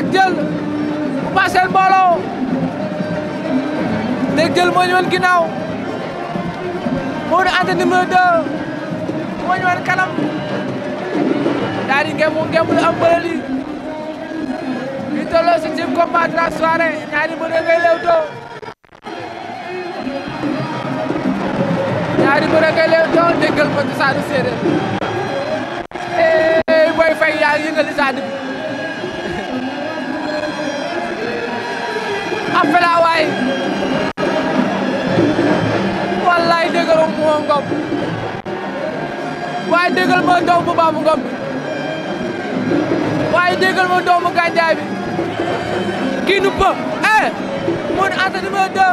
dégg jël bu paasee mbooloo dégg jël moo ñu wan ginnaaw moo ñu wan kanam daal di ngemu ngemu lu am bële lii ñu tolloo si cib combat de la soirée ñaari mbër ngay lewtoo ñaari mbër ngay lewtoo déggal ko ci Sadio Séeréer. Babou Ngom waaye déggal ma doomu Babou Ngom bi waaye déggal doomu Gandiaye bi kii nu pë eh mun ata numéro 2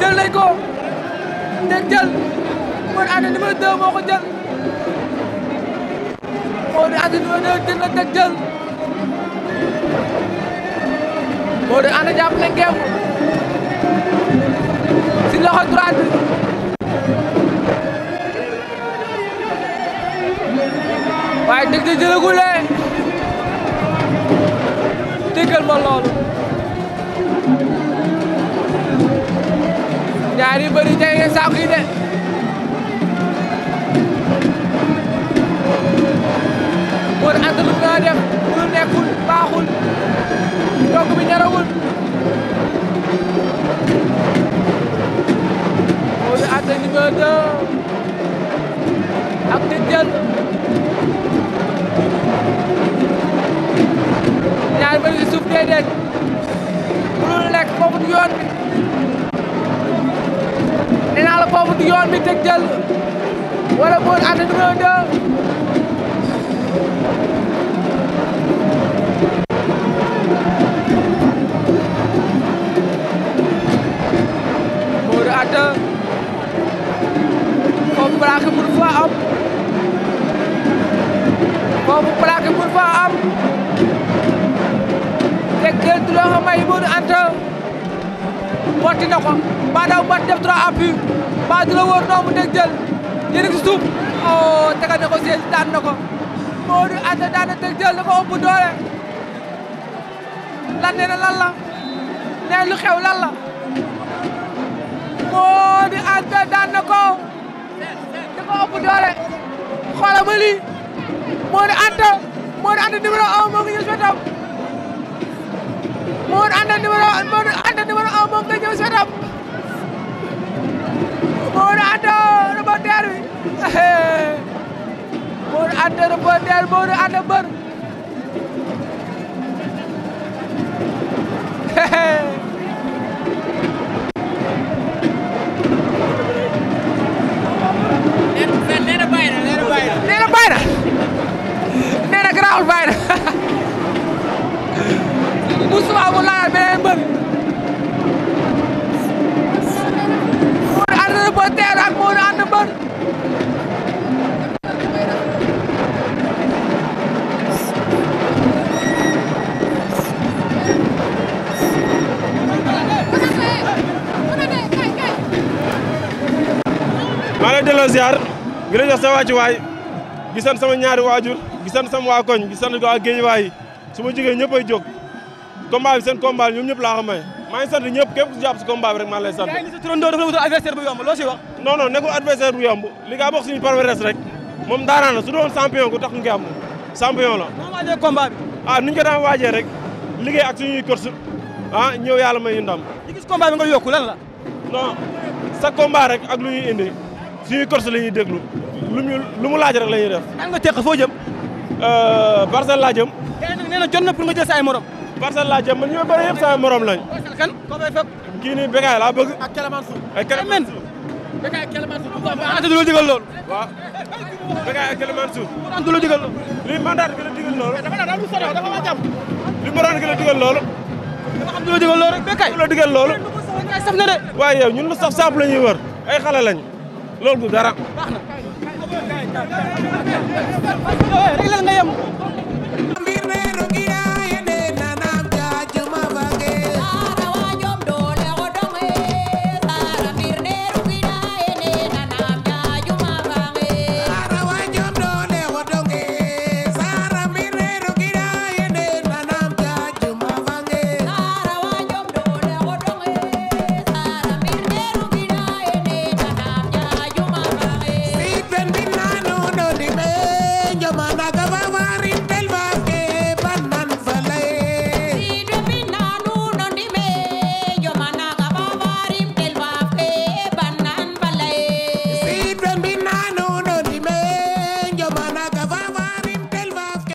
jël nañ ko te jël mun ata numéro 2 moo ko jël moo di ata numéro jël na jël moo di ata na ngeem si loxo droite bi waaye Tic Tic jëlagule déggal ma loolu ñaari bëri jege saako yi de kon ànd lu naa def lu nekkul baaxul toog bi ñarawul déedéet mënul nekk foofu du yoon bi nee naa la foofu du yoon bi teg jël wala boon ànd numéro 2 Modou Anta foofu plaqué mënu fa am foofu plaqué mënu fa am del duloo xa may Modou Anta botti ko mbaa daw bat def trois appui noomu deg jël yéen si oh, ko siège daan ko Modou Anta daan na deg jël dafa ëpp doole lan nee na lan la Anta daan ko dafa ëpp doole xoolal ma lii Anta Modou Anta numéro 1 moo ngi ñëw Modou Anta numéro Modou Anta numéro 1 moom nga ñëw si wetam Modou Anta reporter bi Modou Anta reporter Modou Anta mbër de terre ak Modou Anta Mbeur maa lay delloo ziar gi la jox sa wàcci waay gisan sama ñaari waajur gisan sama waa koñ gisan waa géej waay su ma jógee ñëpp ay jóg combat bi seen combat ñoom ñëpp laa ko may maa ngi sant ñëpp képp ku jàpp si combat rek maa lay sant. yaa ngi sa la wutal adversaire bu yomb loo siy wax. non non nekkul bu yomb li nga bokk suñu rek moom daanaan la su doon champion ku tax nga la. maa waajee combat bi. Ah, waajee rek liggéey ak suñuy course ah ñëw yàlla may ñu ndam. li gis combat bi nga yokku lan la. non sa combat rek ak lu ñuy indi suñuy course la ñuy déglu lu mu lu mu laaj rek la ñuy def. nan nga teq foo jëm. Euh, parcelle laa jëm. nee na jot na pour nga jël sa ay morom parcelle laa jëm man ñu ma bëri yëpp sama morom lañ. kan koo fay fekk. kii nii Bécaye laa bëgg. ak Kéléman Sow ay Kéléman Sow. Bécaye ak Kéléman Sow. waaw du la digal loolu. waaw Bécaye ak mandat bi la digal loolu. dafa la dafa sori dafa ma jàpp. li mu waroon gi la digal loolu. dama xam du la digal loolu rek Bécaye. du la digal loolu. saf na de. waaye lu saf saabu la